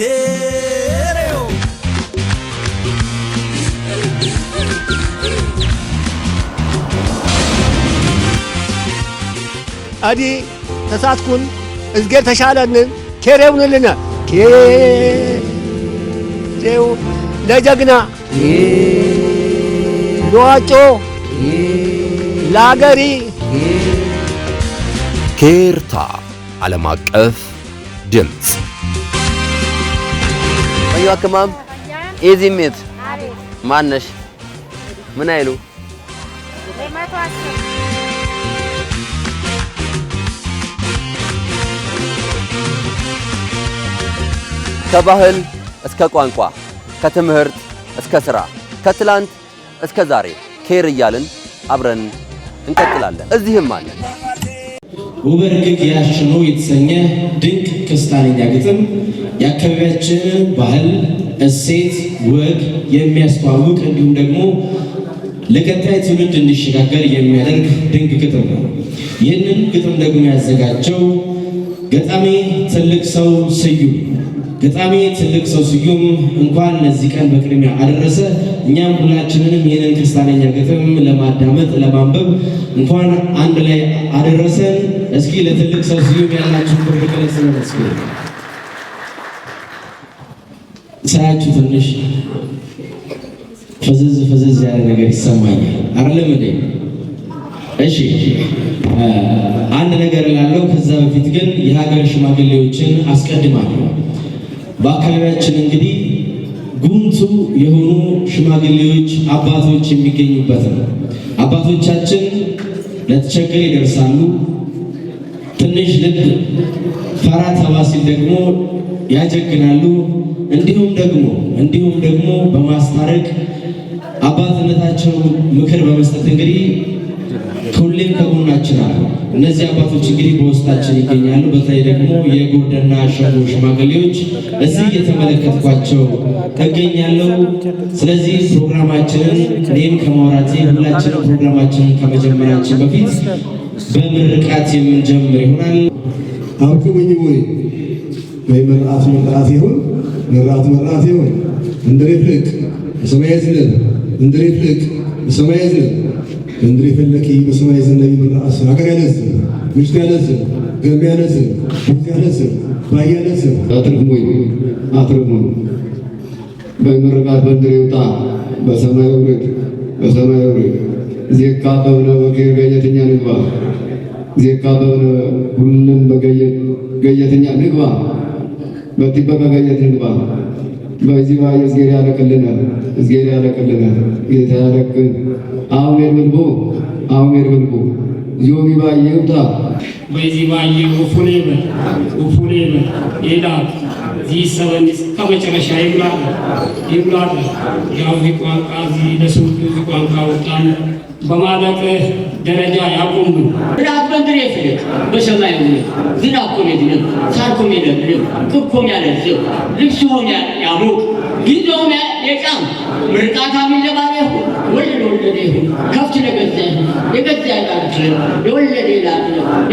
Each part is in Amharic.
Quereu አዲ ተሳትኩን እዝጌር ተሻለንን ኬሬውንልን ኬሬው ለጀግና ለዋጮ ለአገሪ ኬርታ ዓለም አቀፍ ድምፅ እዩ አከማም ሜት ማነሽ ምን አይሉ ከባህል እስከ ቋንቋ ከትምህርት እስከ ስራ ከትላንት እስከ ዛሬ ኬር እያልን አብረን እንቀጥላለን። እዚህም አለ ውበርግግ ያሽኑ የተሰኘ ድንቅ ክስታንኛ ግጥም የአካባቢያችንን ባህል፣ እሴት፣ ወግ የሚያስተዋውቅ እንዲሁም ደግሞ ለቀጣይ ትውልድ እንዲሸጋገር የሚያደርግ ድንቅ ግጥም ነው። ይህንን ግጥም ደግሞ ያዘጋጀው ገጣሚ ትልቅ ሰው ስዩም ገጣሚ ትልቅ ሰው ስዩም እንኳን ለዚህ ቀን በቅድሚያ አደረሰ። እኛም ሁላችንንም ይህንን ክርስቲያነኛ ግጥም ለማዳመጥ ለማንበብ እንኳን አንድ ላይ አደረሰን። እስኪ ለትልቅ ሰው ስዩም ያላችሁ ብርቅለስ ነው። ሳያችሁ ትንሽ ፍዝዝ ፍዝዝ ያለ ነገር ይሰማኛል። አይደለም እሺ አንድ ነገር ላለው። ከዛ በፊት ግን የሀገር ሽማግሌዎችን አስቀድማለሁ። በአካባቢያችን እንግዲህ ጉምቱ የሆኑ ሽማግሌዎች አባቶች የሚገኙበት ነው። አባቶቻችን ለተቸገረ ይደርሳሉ። ትንሽ ልብ ፈራ ተባ ሲል ደግሞ ያጀግናሉ። እንዲሁም ደግሞ እንዲሁም ደግሞ በማስታረቅ አባትነታቸው ምክር በመስጠት እንግዲህ ሁሌም ከጎናችን አሉ። እነዚህ አባቶች እንግዲህ በውስጣችን ይገኛሉ። በተለይ ደግሞ የጎርደና ሸጎ ሽማግሌዎች እዚህ እየተመለከትኳቸው እገኛለሁ። ስለዚህ ፕሮግራማችንን እኔም ከማውራቴ ሁላችንም ፕሮግራማችንን ከመጀመራችን በፊት በምርቃት የምንጀምር ይሆናል። አውቁ ወይ ወይ መርዓት መርዓት ይሁን መራት መራቴ ሆይ እንድሬ ፍልቅ በሰማይ ዝለል እንድሬ ፍልቅ በሰማይ ዝለል እንድሬ ፈለቂ በሰማይ ዝለል ይመራስ አገር ያለዝብ ምሽት ያለዝብ ገቢ ያለዝብ ቡት ያለዝብ ባይ ያለዝብ አትርፍሞኝ አትርፍሞኝ በምርቃት በእንድሬ ውጣ በሰማይ ውርድ በሰማይ ውርድ ዜካ በብነ በገር ገየተኛ ንግባ ዜካ በብነ ሁሉንም በገየተኛ ንግባ በመገኘት ይግባ። በዚህ ባ እዝጌር ያረቅልን፣ እዝጌር ያረቅልን፣ ጌታ አሜን ብልቦ አሜን ብልቦ ዮሚ ባዬ ውጣ በዚህ ባዬ ውፉኔ በ ውፉኔ በ ይላል እዚህ ሰበን እስከ መጨረሻ ይምላል ይምላል የአውዚ ቋንቋ እዚህ ለሱ ቋንቋ ወጣን በማለቅ ደረጃ ያቆሙ ራበን ድሬ ፍልቅ በሰማይ ሆነ ዝናኮም የድንም ሳርኮም የለብንም ክኮም ያለዝብ ልብስሆም ያሙቅ ጊዜውም የጫም ምርቃታ ሚለባለ ከብት ለገዛ የገዛ ያቃጭ የወለደ ይላል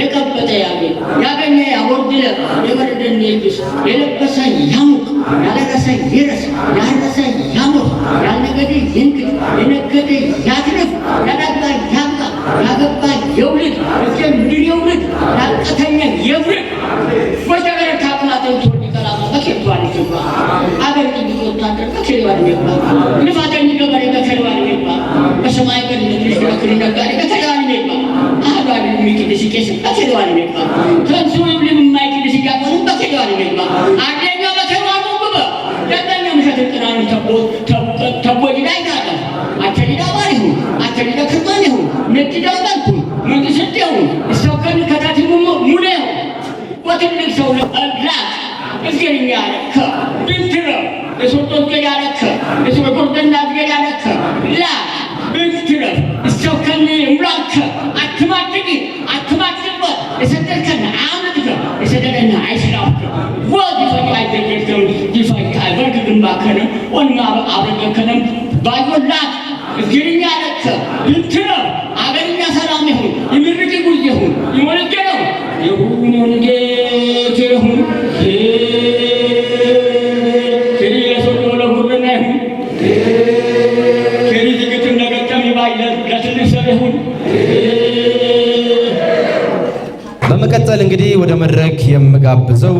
የቀበጠ ያገ ያገኘ ያጎድለ የበረደን ይልብስ የለበሰኝ ያሙቅ ያለቀሰኝ ይረስ ያረሰኝ ያሙር ያልነገደ ይንግድ የነገደ ያትርፍ ያዳጋ ያብቃ ያገባ የውልድ እጀ ምድር የውልድ ያልቀተኛ የብር ወጀበረ ካፕላትን ቶኒ ቀላማ በኬቷን ይገባ አገር ጥንቅ ወታደር በኬዋን ይገባ ልፋተኝ ሰማይ በል ለሚሽራኩ ነጋሪ ከተጋሪ ነባ አህባሪ የሚቅድስ ቄስ በተለዋሪ ነባ ተንሱም ለማይቅድስ ያቆኑ በተለዋሪ ነባ አደኛ በተለዋሪ ነባ ደደኛ ምሸት ጥናን ተቦ ተቦ ይዳይ ታታ አቸሪዳ ባሪሁ አቸሪዳ ከማኒሁ ነጥዳው ባልኩ መንግስትየው እስተከን ከታቲሙ ሙኔው ወትልቅ ሰው ለአላ እስገኛ ከ ድንትረ የሶጦት ገዳረከ የሶጦት ከለ ዳከኔ ወኛ ከለ ባዩላት ግርኛ ለተ ይትረ አበኛ ሰላም ይሁን ይምርቅ ይሁን ይወልገው ይሁን ወንጌት ይሁን በመቀጠል እንግዲህ ወደ መድረክ የምጋብዘው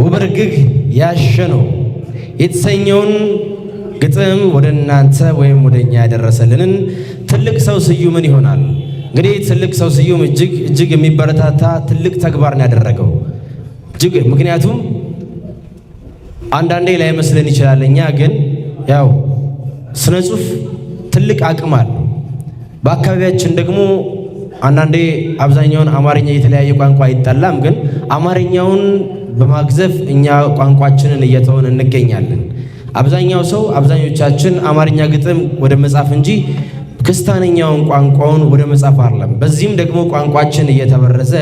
ውብርግግ ያሸነው የተሰኘውን ግጥም ወደ እናንተ ወይም ወደ እኛ ያደረሰልንን ትልቅ ሰው ስዩምን ይሆናል። እንግዲህ ትልቅ ሰው ስዩም እጅግ እጅግ የሚበረታታ ትልቅ ተግባር ነው ያደረገው። እጅግ ምክንያቱም አንዳንዴ ላይ መስለን ይችላል። እኛ ግን ያው ስነ ጽሁፍ ትልቅ አቅም አለ። በአካባቢያችን ደግሞ አንዳንዴ አብዛኛውን አማርኛ የተለያየ ቋንቋ አይጠላም፣ ግን አማርኛውን በማግዘፍ እኛ ቋንቋችንን እየተውን እንገኛለን። አብዛኛው ሰው አብዛኞቻችን አማርኛ ግጥም ወደ መጻፍ እንጂ ክስታነኛውን ቋንቋውን ወደ መጻፍ አይደለም። በዚህም ደግሞ ቋንቋችን እየተበረዘ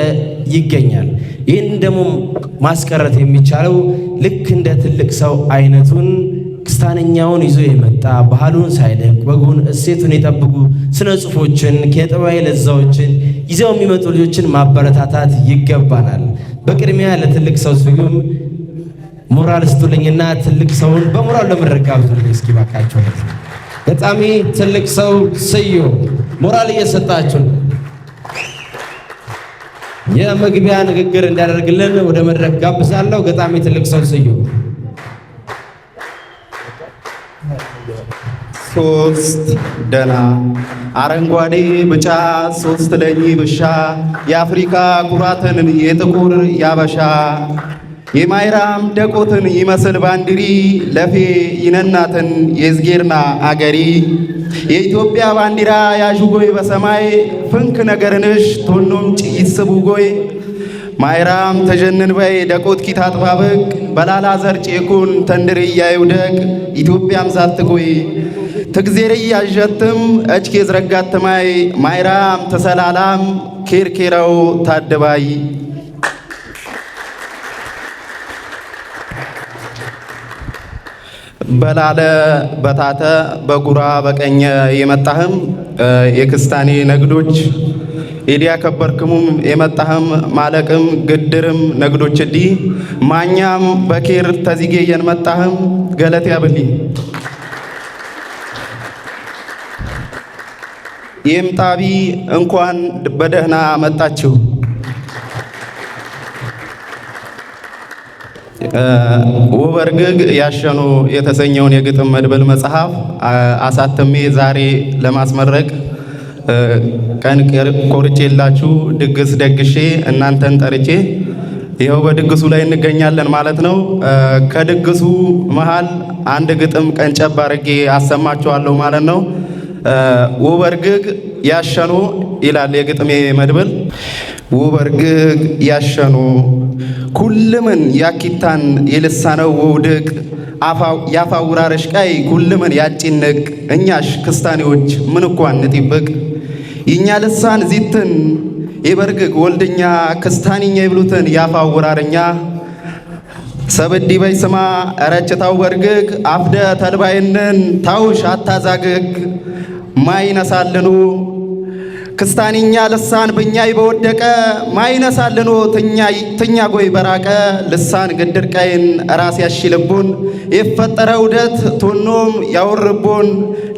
ይገኛል። ይህን ደግሞ ማስቀረት የሚቻለው ልክ እንደ ትልቅ ሰው አይነቱን ክስታነኛውን ይዞ የመጣ ባህሉን ሳይለቅ ወጉን፣ እሴቱን የጠብቁ ስነ ጽሁፎችን ኪነጥበባዊ ለዛዎችን ይዘው የሚመጡ ልጆችን ማበረታታት ይገባናል። በቅድሚያ ለትልቅ ሰው ስዩም ሞራል ስጡልኝና ትልቅ ሰውን በሞራል ለመድረግ ጋብዙልኝ እስኪ ባካቸው። ገጣሚ ትልቅ ሰው ስዩም ሞራል እየሰጣችሁ የመግቢያ ንግግር እንዳደርግልን ወደ መድረክ ጋብዛለሁ። ገጣሚ ትልቅ ሰው ስዩም ሶስት ደና አረንጓዴ ብጫ ሶስት ለኝ ብሻ የአፍሪካ ኩራትን የጥቁር ያበሻ የማይራም ደቆትን ይመስል ባንዲሪ ለፌ ይነናትን የዝጌርና አገሪ የኢትዮጵያ ባንዲራ ያዥጎይ በሰማይ ፍንክ ነገርንሽ ቶኖም ጭይስቡ ጎይ ማይራም ተጀንን በይ ደቆት ኪት አጥባብቅ በላላ ዘር ጬኩን ተንድር እያይውደቅ ኢትዮጵያም ዛትጎይ ትግዜሬ ያዠትም እችኬ ዝረጋትማይ ማይራም ተሰላላም ኬርኬራው ታደባይ በላለ በታተ በጉራ በቀኘ የመጣህም የክስታኔ ነግዶች ኤዲያ ከበርክሙም የመጣህም ማለቅም ግድርም ነግዶች እዲ ማኛም በኬር ተዚጌ የንመጣህም ገለት ያብሊ ይህም ጣቢ እንኳን በደህና መጣችሁ። ውበርግግ ያሸኖ የተሰኘውን የግጥም መድብል መጽሐፍ አሳትሜ ዛሬ ለማስመረቅ ቀን ቆርጬላችሁ ድግስ ደግሼ እናንተን ጠርቼ ይኸው በድግሱ ላይ እንገኛለን ማለት ነው። ከድግሱ መሃል አንድ ግጥም ቀንጨብ አድርጌ አሰማችኋለሁ ማለት ነው። ውበርግግ ያሸኑ ይላል የግጥሜ መድብል። ውበርግግ ያሸኑ ኩልምን ያኪታን የልሳነው ውድቅ ያፋውራረሽ ቃይ ኩልምን ያጭንቅ እኛሽ ክስታኔዎች ምን እንኳን ንጢብቅ የእኛ ልሳን ዚትን የበርግግ ወልድኛ ክስታንኛ ይብሉትን ያፋውራርኛ ሰብዲ በይ ስማ ረጭታው በርግግ አፍደ ተልባይንን ታውሽ አታዛግግ ማይነሳልኑ ክስታንኛ ልሳን ብኛይ በወደቀ ማይነሳልኑ ትኛ ጎይ በራቀ ልሳን ግድር ቀይን ራስ ያሽልቡን የፈጠረ ውደት ቶኖም ያውርቡን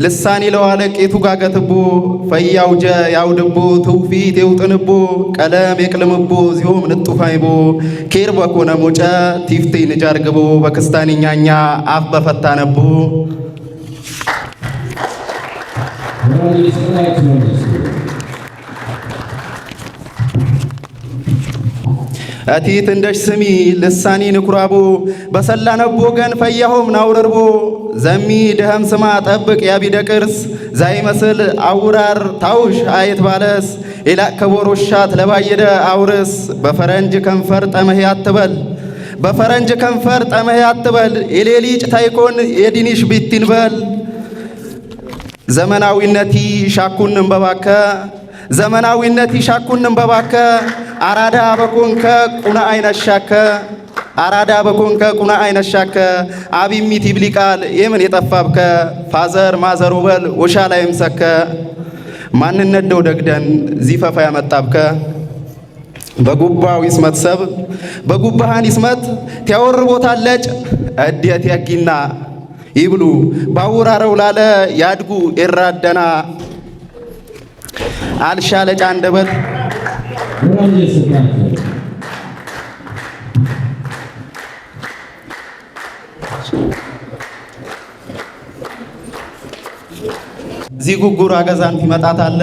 ልሳን ይለዋለቅ የቱጋገትቡ ፈያውጀ ያውድቡ ትውፊት የውጥንቡ ቀለም የቅልምቡ ዚሁም ንጡፋይቡ ኬር በኮነ ሙጨ ቲፍቲ ንጃርግቡ በክስታንኛኛ አፍ በፈታነቡ እቲት እንደሽ ስሚ ልሳኒ ንኩራቦ በሰላነቦ ገን ፈያሆም ናውረርቦ ዘሚ ደኸም ስማ ጠብቅ ያቢደ ቅርስ ዛይመስል አውራር ታውሽ አየት ባለስ ኢላ ከቦሮሻት ለባየደ አውርስ በፈረንጅ ከንፈር ጠመህ አትበል በፈረንጅ ከንፈር ጠመሄ አትበል የሌሊጭ ታይኮን የዲኒሽ ቢትንበል ዘመናዊነት ይሻኩን እንበባከ ዘመናዊነት ይሻኩን እንበባከ አራዳ በኮንከ ቁና አይነሻከ አራዳ በኮንከ ቁና አይነሻከ አቢሚት ይብሊቃል የምን የጠፋብከ ፋዘር ማዘር ወበል ወሻ ላይ ምሰከ ማንነት ደው ደግደን ዚፈፋ ያመጣብከ በጉባው ይስመት ሰብ በጉባሃን ይስመት ቲያወር ቦታለጭ እድየት ያጊና ይብሉ ባውራረው ላለ ያድጉ ኤራደና አልሻለጫ አንደበት እዚህ ጉጉር አገዛን ይመጣት አለ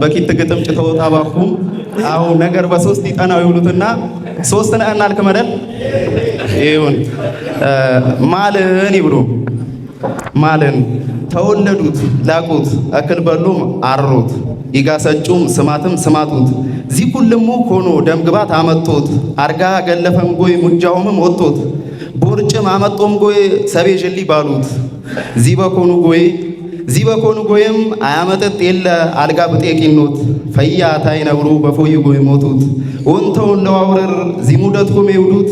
በኪት ግጥም ጭተወጣ ባኩ አሁ ነገር በሶስት ይጠናው ይውሉትና ሶስት ነህ እናልክ መደል ይሁን ማልን ይብሉ ማልን ተወለዱት ላቁት እክል በሎም አሮት ይጋሰጩም ስማትም ስማቱት ዚኩልሙ ሆኖ ደምግባት አመጦት አርጋ ገለፈም ጎይ ሙጃውምም ወጦት ቦርጭም አመጦም ጎይ ሰቤ ጅሊ ባሉት ዚበኮኑ ጎይ ዚበኮኑ ጎይም አያመጠጥ የለ አልጋ ብጤ ቂኖት ፈያ ታይ ነብሩ በፎይ ጎይ ሞቱት ወንተውን ለዋውረር ዚሙደት ይውዱት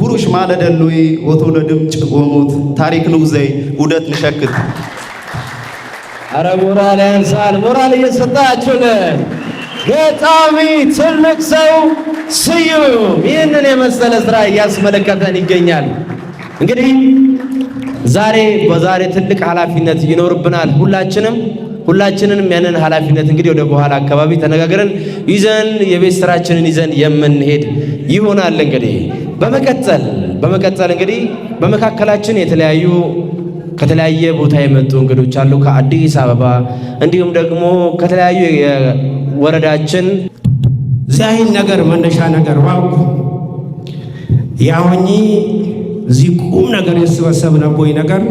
ቡሩሽ ማለደልዌ ወተወለድም ጭጎሙት ታሪክ ንውዘይ ውደት ንሸክት አረ ሞራል ያንሳል። ሞራል እየሰጣችሁ ገጣሚ ትልቅ ሰው ስዩም ይህንን የመሰለ ስራ እያስመለከተን ይገኛል። እንግዲህ ዛሬ በዛሬ ትልቅ ኃላፊነት ይኖርብናል ሁላችንም ሁላችንንም ያንን ኃላፊነት እንግዲህ ወደ በኋላ አካባቢ ተነጋግረን ይዘን የቤት ስራችንን ይዘን የምንሄድ ይሆናል እንግዲህ በመቀጠል በመቀጠል እንግዲህ በመካከላችን የተለያዩ ከተለያየ ቦታ የመጡ እንግዶች አሉ። ከአዲስ አበባ እንዲሁም ደግሞ ከተለያዩ የወረዳችን ዚያይን ነገር መነሻ ነገር ባውቁ ያሆኚ እዚህ ቁም ነገር ነቦይ ነገር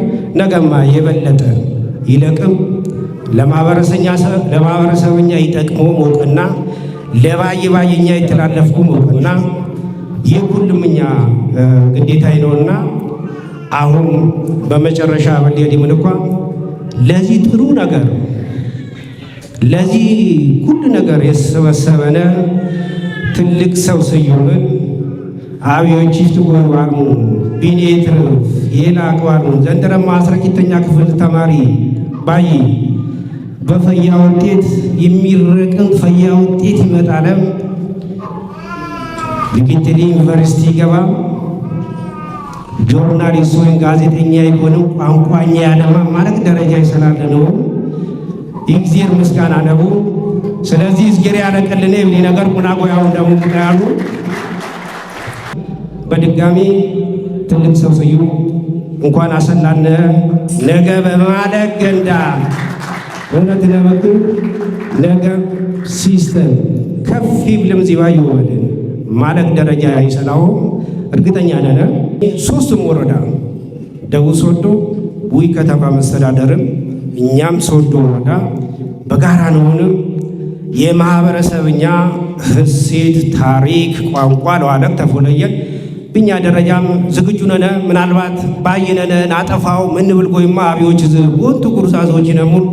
ነገማ የበለጠ ይለቅም ለማህበረሰብኛ ይጠቅሞ ሞቅና ለባይ ባይኛ የተላለፍኩ ሞቅና ይህ ሁሉም እኛ ግዴታ ነውና አሁን በመጨረሻ በሌድ ምንኳ ለዚህ ጥሩ ነገር ለዚህ ሁሉ ነገር የሰበሰበነ ትልቅ ሰው ስዩምን አብዮቺቱ ወርዋሙ ቢኔትር የላ አቅባሉ ዘንድረማ አስራ ሁለተኛ ክፍል ተማሪ ባይ በፈያ ውጤት የሚረቅም ፈያ ውጤት ይመጣለም ምክትል ዩኒቨርሲቲ ገባም ጆርናሊስት ወይም ጋዜጠኛ የሆንም ቋንቋኛ ያለማ ማለት ደረጃ ይሰላል ነው። እግዚአብሔር ምስጋና ነው። ስለዚህ እዝጌር ያለቀልነ ይብኒ ነገር ቁናቆ ያው ደሙ ያሉ በድጋሚ ትልቅ ሰው ስዩ እንኳን አሰላነ ነገ በማደግ ገንዳ እውነት ለመክር ነገ ሲስተም ከፍ ይብልም ዚባዩ ማለት ማለቅ ደረጃ ይሰላውም እርግጠኛ ነን። ሶስቱም ወረዳ ደቡብ ሶዶ፣ ቡኢ ከተማ መስተዳደርም እኛም ሶዶ ወረዳ በጋራ ነውንም የማህበረሰብኛ እሴት፣ ታሪክ፣ ቋንቋ ለዋለም ተፎለየን ብኛ ደረጃም ዝግጁ ነነ ምናልባት ባይነነ ናጠፋው ምንብል ጎይማ አብዮች ወንቱ ጉርሳዞች ነሙን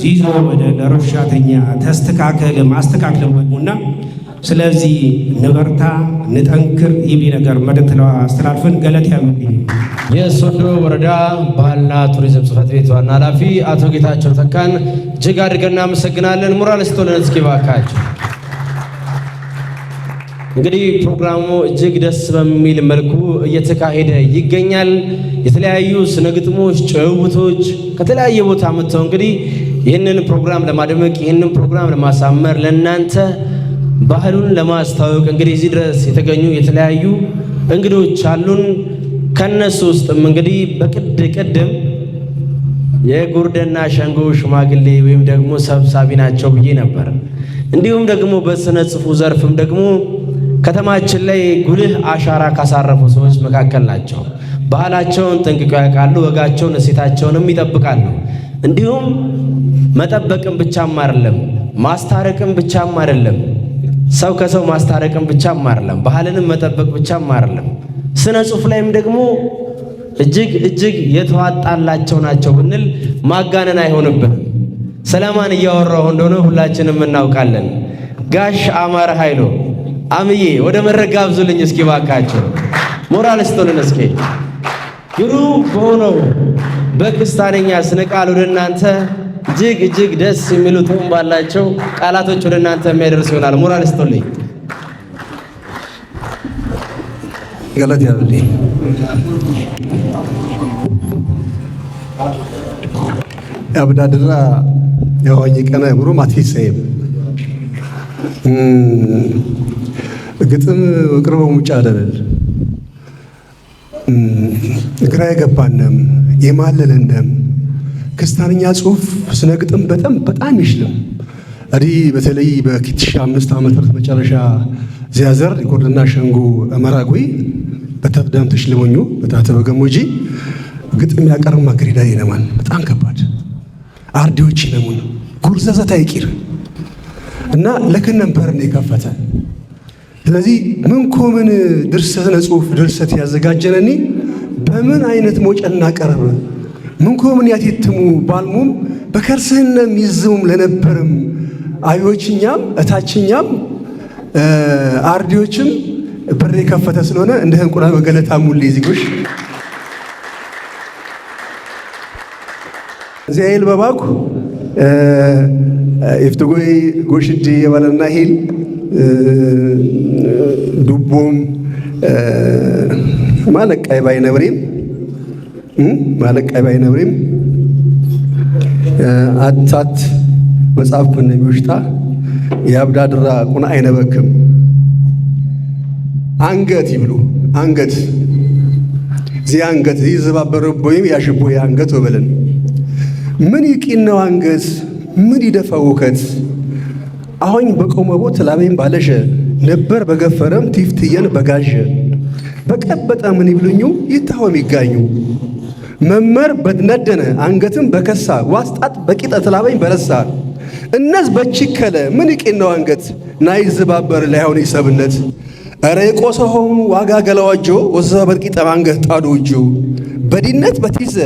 ዚዞ ወደ ለረሻተኛ ተስተካከለ ማስተካከለ ወሙና ስለዚህ ንበርታ፣ ንጠንክር ይቢ ነገር መልእክት ለማስተላለፍን ገለት ያሉብኝ የሶዶ ወረዳ ባህልና ቱሪዝም ጽሕፈት ቤት ዋና ኃላፊ አቶ ጌታቸው ተካን እጅግ አድርገን እናመሰግናለን። ሞራል ስቶለን እስኪ ባካቸው። እንግዲህ ፕሮግራሙ እጅግ ደስ በሚል መልኩ እየተካሄደ ይገኛል። የተለያዩ ስነግጥሞች፣ ጭውውቶች ከተለያየ ቦታ መጥተው እንግዲህ ይህንን ፕሮግራም ለማድመቅ ይህንን ፕሮግራም ለማሳመር ለእናንተ ባህሉን ለማስተዋወቅ እንግዲህ እዚህ ድረስ የተገኙ የተለያዩ እንግዶች አሉን። ከነሱ ውስጥም እንግዲህ በቅድ ቅድም የጉርደና ሸንጎ ሽማግሌ ወይም ደግሞ ሰብሳቢ ናቸው ብዬ ነበር። እንዲሁም ደግሞ በስነ ጽሑፍ ዘርፍም ደግሞ ከተማችን ላይ ጉልህ አሻራ ካሳረፉ ሰዎች መካከል ናቸው። ባህላቸውን ጠንቅቀው ያውቃሉ። ወጋቸውን፣ እሴታቸውንም ይጠብቃሉ። እንዲሁም መጠበቅም ብቻም አይደለም ማስታረቅም ብቻም አይደለም ሰው ከሰው ማስታረቅም ብቻም አይደለም፣ ባህልንም መጠበቅ ብቻም አይደለም። ስነ ጽሁፍ ላይም ደግሞ እጅግ እጅግ የተዋጣላቸው ናቸው ብንል ማጋነን አይሆንብንም። ስለማን እያወራሁ እንደሆነ ሁላችንም እናውቃለን። ጋሽ አማረ ኃይሎ አምዬ ወደ መድረክ ጋብዙልኝ እስኪ ባካቸው፣ ሞራል ስቶልን እስኪ። ግሩም በሆነው በክስታነኛ ስነ ቃል ወደ እናንተ እጅግ እጅግ ደስ የሚሉ ቱም ባላቸው ቃላቶች ወደ እናንተ የሚያደርስ ይሆናል። ሞራል ስቶልኝ ገለት ያብልኝ አብዳድራ የሆኝ ቀና ብሩ ማትፊት ግጥም ቅርበ ሙጭ አደለል ግራ የገባንም የማለልንም ክስታንኛ ጽሁፍ ስነ ግጥም በጣም በጣም ይችልም እዲ በተለይ በ2005 ዓመተ ምህረት መጨረሻ ዚያዘር ሪኮርድና ሸንጎ መራጉ በተዳም ተሽለሞኙ በታተ በገሞጂ ግጥም ያቀርብ ማግሪዳ ይነማን በጣም ከባድ አርዲዎች ይነሙን ጉርዘዘት አይቂር እና ለክነን በርን የከፈተ ስለዚህ ምን ኮምን ድርሰት ነጽሁፍ ድርሰት ያዘጋጀነኒ በምን አይነት ሞጨና ቀረበ ምን ያቴትሙ ባልሙም በከርስህነም ይዝሙም ለነበርም አብዮችኛም እታችኛም አርዲዎችም በር የከፈተ ስለሆነ እንደ እንቁላል በገለታ ሙሌ ዜጎች እዚያኤል በባኩ ኤፍትጎይ ጎሽዴ የባለና ሄል ዱቦም ማለቃይ ባይ ነብሬም ማለቃ ባይነብሬም አታት መጽሐፍ ኮነ ሚውሽታ የአብዳድራ ቁን አይነበክም አንገት ይብሉ አንገት እዚህ አንገት እዚህ ዘባበረ ቦይም ያሽቦ አንገት ወበለን ምን ይቂነው አንገት ምን ይደፋው ውከት አሁን በቆመቦ ተላበይም ባለሸ ነበር በገፈረም ቲፍትየን በጋዠ በቀበጠ ምን ይብሉኙ ይታወም ይጋኙ መመር በነደነ አንገትም በከሳ ዋስጣት በቂጠ ትላበኝ በረሳ እነዝ በችከለ ምን ነው አንገት ናይ ዝባበር ላይሆን ይሰብነት ኧረ የቆሰሆም ዋጋ ገለዋጆ ወዘ በቂጠ አንገት ጣዶ እጆ በዲነት በቲዘ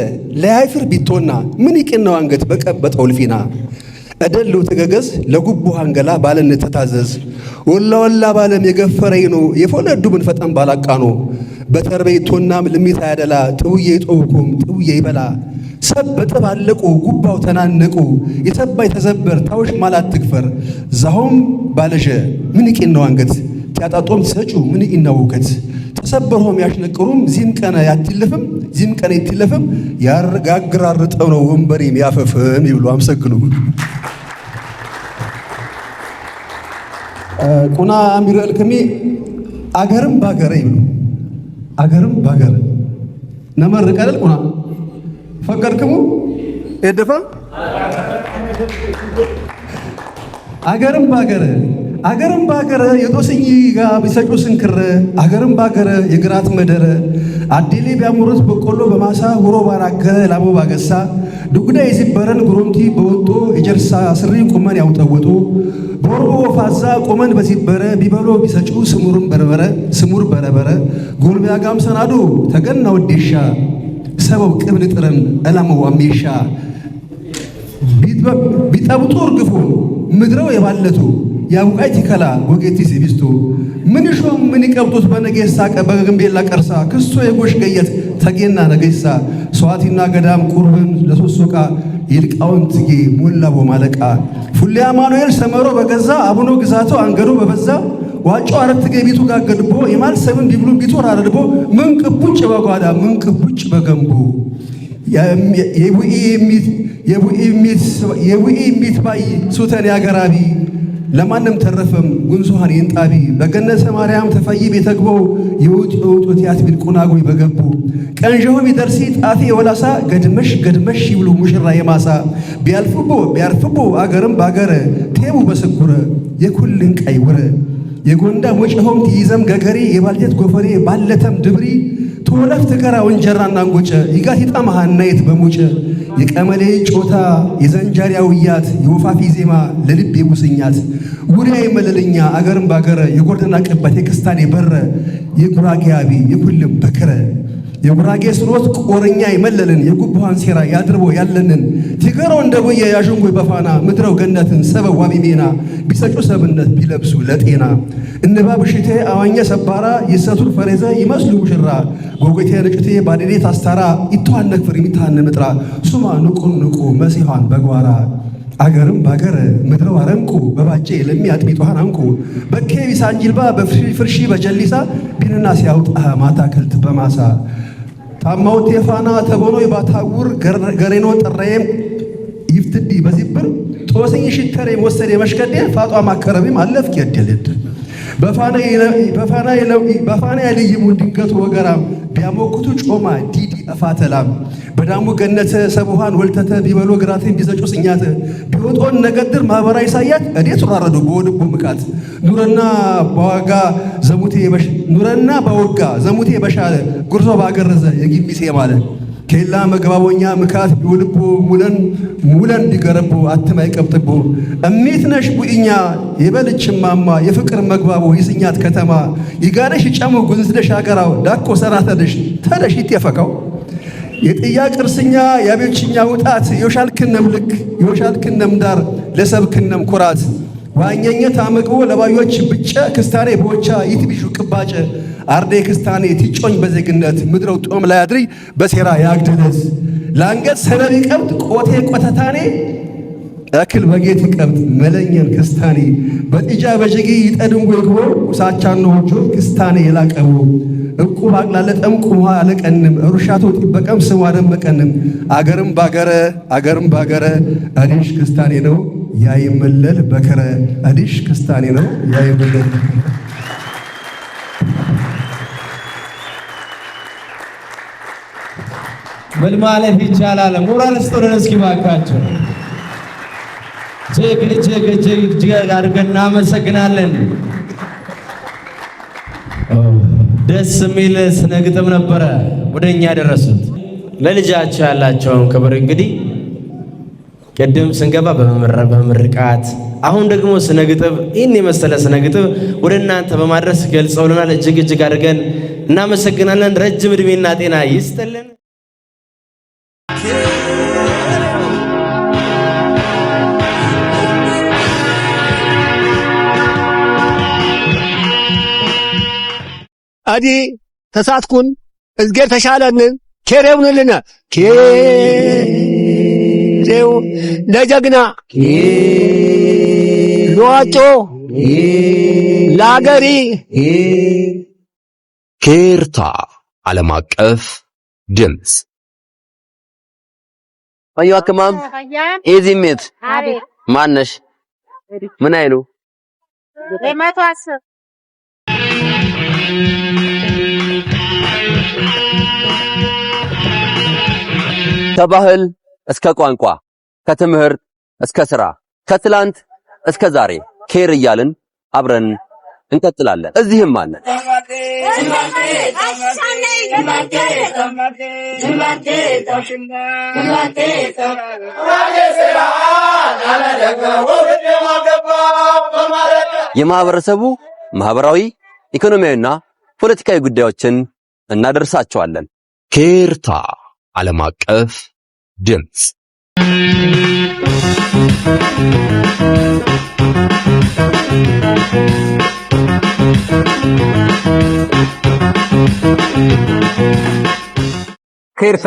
ለያይፍር ቢቶና ምን ነው አንገት በቀበጠው ልፊና እደሉ ተገገዝ ለጉቡ አንገላ ባለን ተታዘዝ ወላ ወላ ባለም የገፈረኝ ነው የፈለዱ ብንፈጠን ባላቃኖ በተርቤቶናም ልሚት አያደላ ጥውዬ ጦውኩም ጥውዬ ይበላ ሰብ በጥብ አለቁ ጉባው ተናነቁ የሰባይ ተዘበር ታውሽ ማላት ትግፈር ዛሆም ባለዠ ምንቅ ነው አንገት ቲያጣጦም ትሰጩ ምን ይናውከት ተሰበርሆም ያሽነቅሩም ዚህም ቀነ ያትልፍም ዚህም ቀነ ይትልፍም ያረጋግራርጠው ነው ወንበሬም ያፈፍም ይብሉ አመሰግኑ ቁና ሚረልከሚ አገርም ባገረ ይብሉ አገርም ባገር ነመር ቀለል ቁና ፈቀድክሙ ኤደፋ አገርም ባገር አገርም ባገረ የጦስኝ ጋ ቢሰጩ ስንክር አገርም ባገረ የግራት መደረ አዴሌ ቢያሙርት በቆሎ በማሳ ሁሮ ባራገረ ላቦ ባገሳ ዱጉዳ የዚበረን ጉሮምቲ በወጦ የጀርሳ ስሪ ቁመን ያውጠወጡ ቦርቦ ወፋዛ ቆመን በሲበረ ቢበሎ ቢሰጩ ስሙርም በረበረ ስሙር በረበረ ጎልቢያ ጋም ሰናዶ ተገና ወዴሻ ሰበው ቅብል ጥረን ዕላመው አሜሻ ቢጠብጡ እርግፉ ምድረው የባለቱ ያውቃይ ቲከላ ጎጌቲ ሲቢስቱ ምንሾም ምን ይቀብጡት በነጌሳ በግንቤላ ቀርሳ ክሶ የጎሽ ገየት ተጌና ነገሳ ሰዋቲና ገዳም ቁርብን ለሶሶቃ ይልቃውን ትጌ ሞላቦ ማለቃ ፉሌ አማኑኤል ሰመሮ በገዛ አቡኖ ግዛቶ አንገዶ በበዛ ዋጮ አረት ገቢቱ ጋገድቦ ሰብን ዲብሉ ቢቶር አረድቦ ምን ቅቡጭ በጓዳ ምን ቅቡጭ በገንቦ የቡኢ ሚት ባይ ሱተን ያገራቢ ለማንም ተረፈም ጉንሶሃን ይንጣቢ በገነሰ ማርያም ተፈይ ቤተግበው የውጭ የውጡት ያትቢል ቁናጎይ በገቡ ቀንዠሆም ይደርሲ ጣፊ የወላሳ ገድመሽ ገድመሽ ይብሉ ሙሽራ የማሳ ቢያልፍቦ ቢያርፍቦ አገርም ባገረ ቴቡ በስኩረ የኩልን ቀይውረ የጎንዳ ወጭሆም ትይዘም ገገሪ የባልጀት ጎፈሬ ባለተም ድብሪ ተወለፍ ትገራ ወንጀራና እንጎጨ ይጋት ይጣመሃና የት በሙጨ የቀመሌ ጮታ የዘንጃሪ አውያት የወፋፊ ዜማ ለልብ የጉስኛት ውሪያ የመለልኛ አገርን ባገረ የጎርደና ቅባት የክስታኔ በረ የጉራጌ አቢ የኩልም በክረ የጉራጌ ስኖት ቆረኛ ይመለልን የጉቡሃን ሴራ ያድርቦ ያለንን ቲገሮ እንደጎየ ያዥንጉይ በፋና ምድረው ገነትን ሰበው ዋቢ ሜና ቢሰጩ ሰብነት ቢለብሱ ለጤና እንባ ብሽቴ አዋኘ ሰባራ ይሰቱን ፈሬዘ ይመስሉ ሙሽራ ጎጎቴ ርጭቴ ባዴዴት አስታራ ይተዋን ነክፍር የሚታን ምጥራ ሱማ ንቁን ንቁ መሲሐን በጓራ አገርም ባገር ምድረው አረንቁ በባጬ ለሚያጥቢ ጧሃን አንቁ በኬ ቢሳን ጅልባ በፍርሺ በጀሊሳ ቢንና ሲያውጣ ማታ ክልት በማሳ ታማውት የፋና ተቦኖ የባታውር ገሬኖ ጥራዬም ይፍትዲ በዚህ ብር ጦስኝ ሽተሬ ወሰደ መሽከዴ ፋጧ ማከረቢም አለፍ ይደልድ በፋና የለይሙ ድንገቱ ወገራም ቢያሞክቱ ጮማ ዲዲ እፋተላም በዳሙ ገነተ ሰብሃን ወልተተ ቢበሎ ግራትን ቢዘጩ ስኛተ ቢወጦን ነገድር ማኅበራዊ ሳያት እዴ ራረዱ በወድቦ ምቃት ኑረና በዋጋ ዘሙቴ ኑረና በወጋ ዘሙቴ በሻለ ጉርዞ ባገረዘ የጊሚሴ ማለት ኬላ መግባቦኛ ምካት ቢውልቦ ሙለን ሙለን ቢገረቦ አትማይ ቀብጥቦ እሜት ነሽ ቡእኛ የበልችማማ የፍቅር መግባቦ ይስኛት ከተማ ይጋደሽ ጨሙ ጉንዝደሽ አገራው ዳቆ ሰራ ተደሽ ተደሽ የጥያ ቅርስኛ የአቤችኛ ውጣት የሻልክነም ልክ የሻልክነም ዳር ለሰብክነም ኩራት ዋኘኘት አመግቦ ለባዮች ብጨ ክስታሬ ቦቻ ይትቢሹ ቅባጨ አርዴክስታን ክስታኔ በዜግነት ምድረው ጦም ላይ አድሪ በሴራ ያግድነት ለአንገት ሰነብ ይቀብጥ ቆቴ ቆተታኔ እክል በጌት ይቀብጥ መለኛን ክስታኔ በጢጃ በጀጊ ይጠድንጎ ይግቦ ውሳቻን ጆ ክስታኔ የላቀቡ እቁ ጠምቁ ውሃ አለቀንም እሩሻቶ ጥበቀም ስሙ አደመቀንም አገርም ባገረ አገርም ባገረ እዲሽ ክስታኔ ነው ያይመለል በከረ እዲሽ ክስታኔ ነው ያይመለል ምን ማለት ይቻላል? ሞራል ስቶርን እስኪ ባካቸው እጅግ እጅግ እጅግ እጅግ አድርገን እናመሰግናለን። ደስ የሚል ስነ ግጥም ነበረ ወደኛ እኛ ያደረሱት። ለልጃቸው ያላቸውን ክብር እንግዲህ ቅድም ስንገባ በምርቃት አሁን ደግሞ ስነ ግጥም ይህን የመሰለ ስነ ግጥም ወደ እናንተ በማድረስ ገልጸውልናል። እጅግ እጅግ አድርገን እናመሰግናለን። ረጅም እድሜና ጤና ይስጥልን። አዲ ተሳትኩን እዝጌር ተሻለንን ኬሬውንልና ኬሬው ለጀግና ለዋጮ ለአገሪ ኬርታ ዓለም አቀፍ ድምፅ አዩ አከማም ኤዚ ሜት ማነሽ ምን አይሉ ከባህል እስከ ቋንቋ ከትምህርት እስከ ስራ ከትላንት እስከ ዛሬ ኬር እያልን አብረን እንቀጥላለን። እዚህም አለ የማህበረሰቡ ማህበራዊ ኢኮኖሚያዊና ፖለቲካዊ ጉዳዮችን እናደርሳቸዋለን። ኬርታ ዓለም አቀፍ ድምፅ ኬርሳ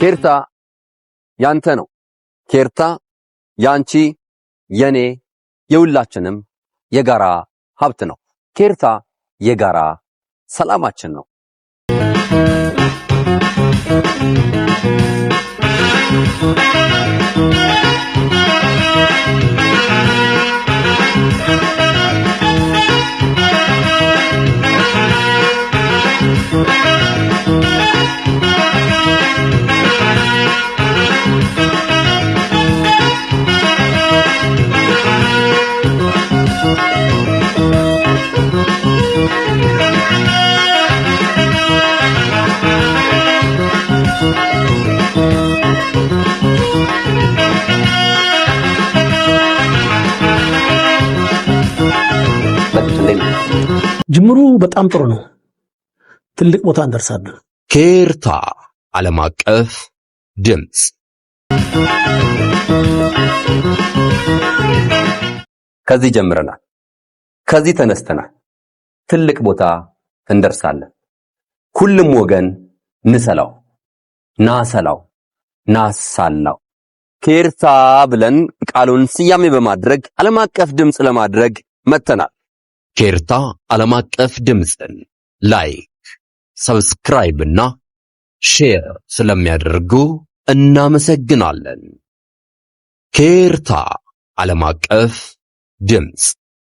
ኬርታ ያንተ ነው። ኬርታ ያንቺ፣ የኔ፣ የሁላችንም የጋራ ሀብት ነው። ኬርታ የጋራ ሰላማችን ነው። Thank you. ጅምሩ በጣም ጥሩ ነው። ትልቅ ቦታ እንደርሳለን። ኬርታ ዓለም አቀፍ ድምፅ ከዚህ ጀምረናል። ከዚህ ተነስተናል። ትልቅ ቦታ እንደርሳለን። ሁሉም ወገን ንሰላው፣ ናሰላው፣ ናሳላው ኬርታ ብለን ቃሉን ስያሜ በማድረግ ዓለም አቀፍ ድምፅ ለማድረግ መጥተናል። ኬርታ ዓለም አቀፍ ድምፅን ላይክ፣ ሰብስክራይብ እና ሼር ስለሚያደርጉ እናመሰግናለን። ኬርታ ዓለም አቀፍ ድምፅ